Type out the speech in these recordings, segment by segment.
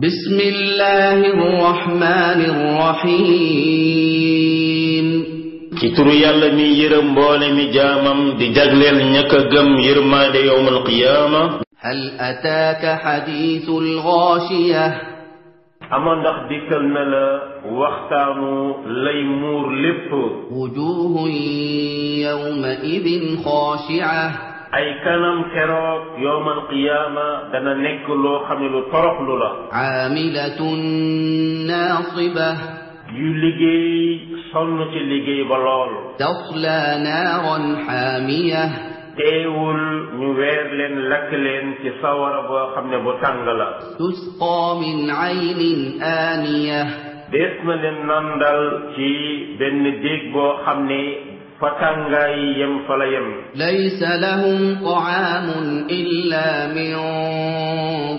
بسم الله الرحمن الرحيم ci turu yàlla mi yërëm mboole mi jaamam di jagleel ñàkk a gëm yërmaande yowmal qiyaama hal ataaka xadiisul gaashiya ama ndax dikkal na la waxtaanu lay muur lépp wujuhun yawma idin xaashiya ay kanam keroog yowmal qiyaama dana nekk loo xam ne lu toroxlu la aamilatun naasiba yu liggéey sonn ci liggéey ba lool tasla naaran xaamiya teewul ñu weer leen lakk leen ci sawara boo xam ne bu tàng la tusqa min aynin aaniya dees na leen nandal ci benn déeg boo xam ne fa tàngaay yem fa la yem laysa lahum ta'aamun illaa min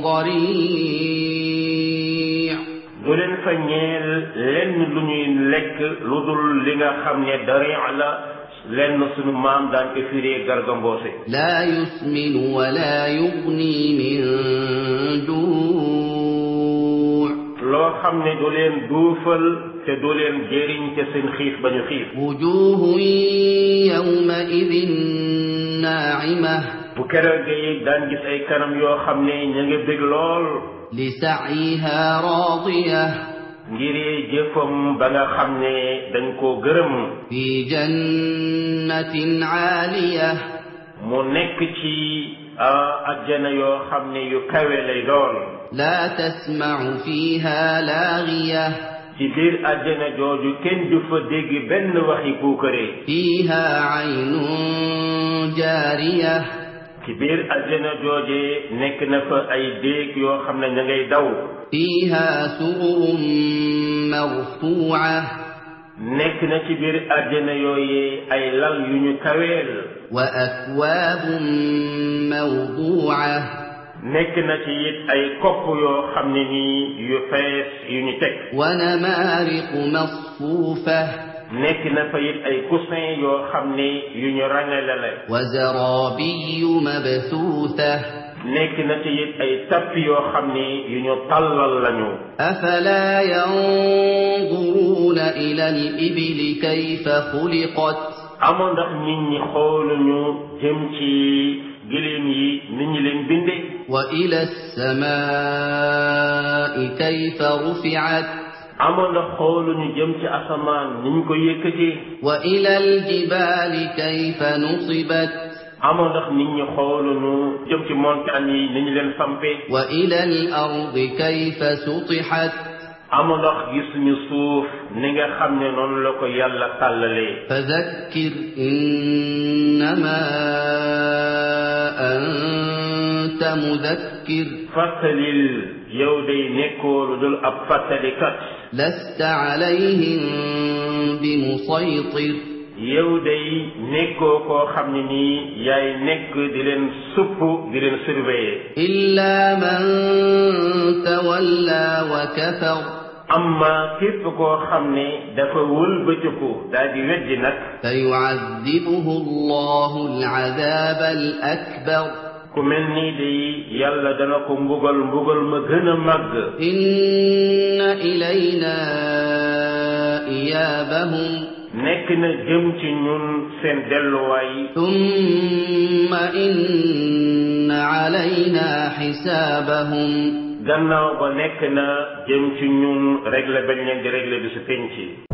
darii' du leen fa ñeel lenn lu ñuy lekk lu dul li nga xam ne darii' la lenn sunu maam daan ko firee gargamboose laa yusminu wa laa yugnii min juu' loo xam ne du leen duufal te doo leen jëriñ ca seen xiif ba ñu xiif wujuhun yawma idin naa'ima bu keroogee daan gis ay kanam yoo xam ne ña nga bég lool li sa'yiha raadiya ngir jëfam ba nga xam ne dañ koo gërëm fi jannatin aaliya mu nekk ci ajjana yoo xam ne yu kawe lay doon la tasma'u fiha laagiya ci biir àjjana jooju kenn du fa dégg benn waxi puukaree fiiha aynun jaariya ci biir àjjana joojee nekk na fa ay déeg yoo xam ne ña ngay daw fiiha sururun marfuuca nekk na ci biir àjjana yooyee ay lal yu ñu kaweel wa akwaabun mawduuca nekk na ci it ay kopp yoo xam ne nii yu fees yu ñu teg wa namaariqu masfuufa nekk na fa it ay coussin yoo xam ne yu ñu rangale la wa zarabiyu mabsuuta nekk na ci it ay tapp yoo xam ne yu ñu tallal lañu afalaa yanduruuna ila al ibili kayfa xuliqat amoon ndax nit ñi xooluñu jëm ci giléem yi nit ñi leen binde وإلى السماء كيف رفعت amoon na xoolu ñu jëm ci asamaan ni ñu ko yëkkatee. wa ilal jibaali kayfa nusibat. amoon na nit ñi xoolu ñu jëm ci montagne yi ni ñu leen sampee. wa ilal ardi kayfa sutihat. amoon na gis ñu suuf ni nga xam ne noonu la ko yàlla tàllalee. fa zakkir innama kunta mudakkir fàttalil yow day nekkoo lu dul ab fàttalikat lasta alayhim bi musaytir yow day nekkoo koo xam ne nii yaay nekk di leen supp di leen surveiller illa man tawalla wa kafar amma képp koo xam ne dafa wëlbatiku daal di weddi nag fa yu'adhibuhu allahu al-'adhab al-akbar ku mel nii de yàlla dana ko mbugal mbugal ma gën a màgg inna ilayna iyaabahum nekk na jëm ci ñun seen delluwaay tumma inna alayna xisaabahum gannaaw ba nekk na jëm ci ñun réglé bañ leen di réglé bi su penc